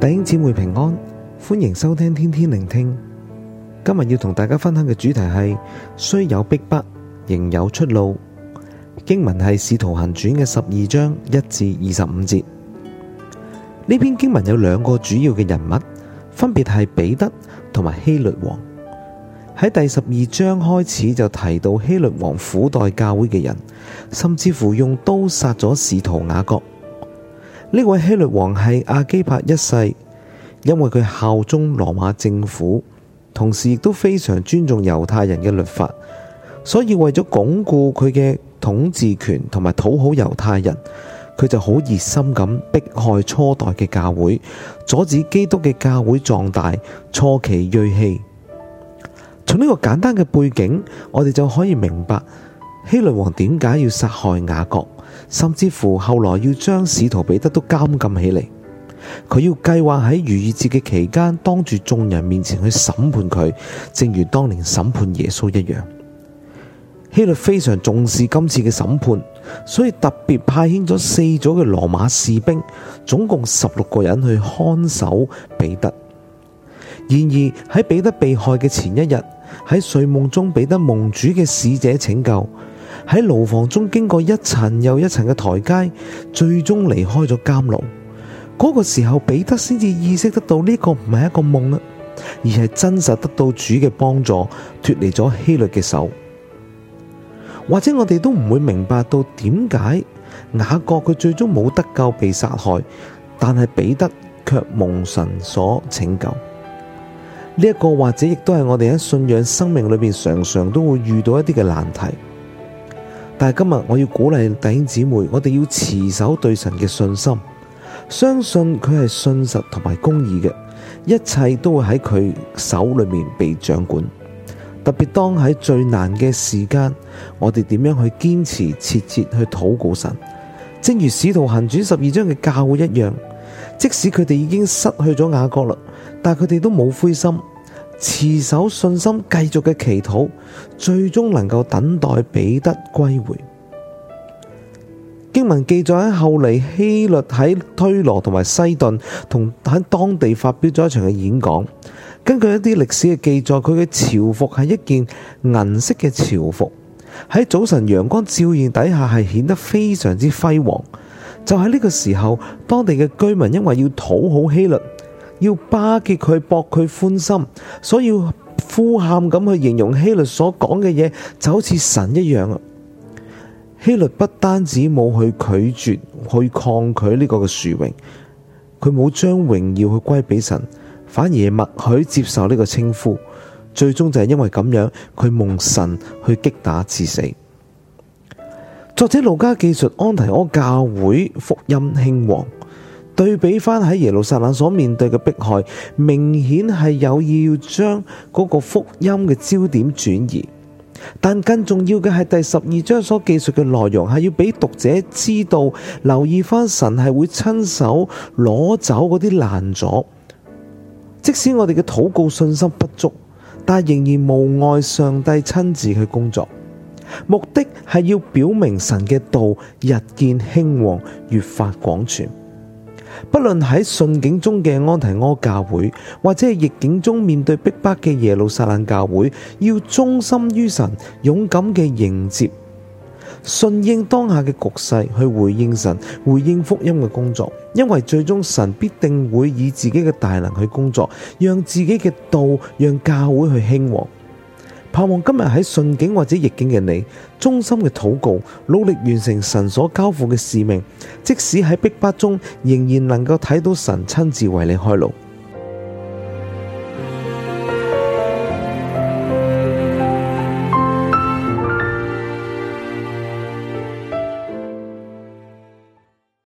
弟兄姊妹平安，歡迎收聽天天靈聽。今日要同大家分享嘅主題係：雖有逼迫，仍有出路。經文係《使徒行傳》嘅十二章一至二十五節。呢篇經文有兩個主要嘅人物，分別係彼得同埋希律王。喺第十二章開始就提到希律王苦待教會嘅人，甚至乎用刀殺咗使徒雅各。呢位希律王係亞基帕一世，因為佢效忠羅馬政府，同時亦都非常尊重猶太人嘅律法，所以為咗鞏固佢嘅統治權同埋討好猶太人，佢就好熱心咁迫害初代嘅教會，阻止基督嘅教會壯大，挫其銳氣。從呢個簡單嘅背景，我哋就可以明白希律王點解要殺害雅各。甚至乎後來要將使徒彼得都監禁起嚟，佢要計劃喺逾越節嘅期間，當住眾人面前去審判佢，正如當年審判耶穌一樣。希律非常重視今次嘅審判，所以特別派遣咗四組嘅羅馬士兵，總共十六個人去看守彼得。然而喺彼得被害嘅前一日，喺睡夢中彼得蒙主嘅使者拯救。喺牢房中經過一層又一層嘅台階，最終離開咗監牢。嗰、那個時候，彼得先至意識得到呢個唔係一個夢啊，而係真實得到主嘅幫助，脫離咗希律嘅手。或者我哋都唔會明白到點解雅各佢最終冇得救被殺害，但係彼得卻蒙神所拯救。呢、這、一個或者亦都係我哋喺信仰生命裏邊常常都會遇到一啲嘅難題。但係今日我要鼓勵弟兄姊妹，我哋要持守對神嘅信心，相信佢係信實同埋公義嘅，一切都會喺佢手裏面被掌管。特別當喺最難嘅時間，我哋點樣去堅持、切切去禱告神，正如使徒行傳十二章嘅教會一樣。即使佢哋已經失去咗雅各啦，但係佢哋都冇灰心。持守信心，繼續嘅祈禱，最終能夠等待彼得歸回。經文記載喺後嚟，希律喺推羅同埋西頓同喺當地發表咗一場嘅演講。根據一啲歷史嘅記載，佢嘅朝服係一件銀色嘅朝服，喺早晨陽光照耀底下係顯得非常之輝煌。就喺呢個時候，當地嘅居民因為要討好希律。要巴結佢博佢歡心，所以呼喊咁去形容希律所講嘅嘢就好似神一樣啊！希律不單止冇去拒絕去抗拒呢個嘅殊榮，佢冇將榮耀去歸俾神，反而默許接受呢個稱呼，最終就係因為咁樣佢蒙神去擊打致死。作者路加記述安提阿教會福音興旺。對比翻喺耶路撒冷所面對嘅迫害，明顯係有意要將嗰個福音嘅焦點轉移。但更重要嘅係第十二章所記述嘅內容，係要俾讀者知道，留意翻神係會親手攞走嗰啲攔阻。即使我哋嘅禱告信心不足，但仍然無礙上帝親自去工作。目的係要表明神嘅道日見興旺，越發廣傳。不論喺順境中嘅安提阿教會，或者係逆境中面對逼迫嘅耶路撒冷教會，要忠心於神，勇敢嘅迎接，順應當下嘅局勢去回應神，回應福音嘅工作。因為最終神必定會以自己嘅大能去工作，讓自己嘅道，讓教會去興旺。盼望今日喺順境或者逆境嘅你，衷心嘅禱告，努力完成神所交付嘅使命，即使喺逼迫中，仍然能夠睇到神親自為你開路。